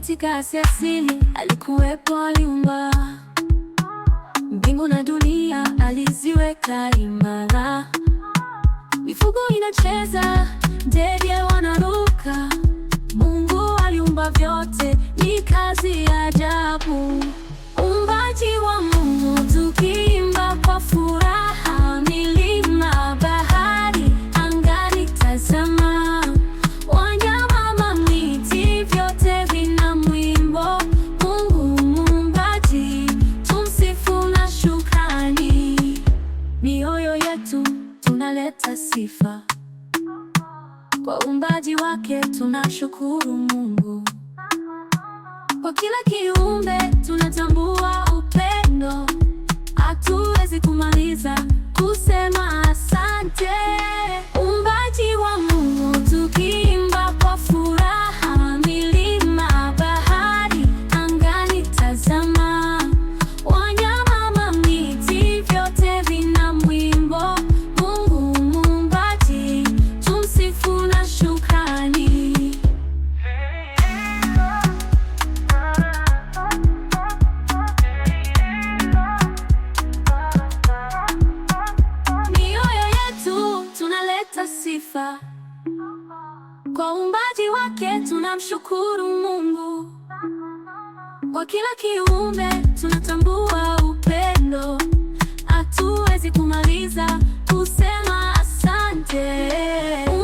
katika asili alikuwepo, aliumba mbingu na dunia, aliziweka imara. Mifugo inacheza, ndege wanaruka, Mungu aliumba vyote. analeta sifa kwa uumbaji wake. Tunashukuru Mungu kwa kila kiumbe, tunatambua upendo, hatuwezi kumaliza kusema asante. tunapata sifa kwa uumbaji wake, tunamshukuru Mungu kwa kila kiumbe, tunatambua upendo, hatuwezi kumaliza kusema asante.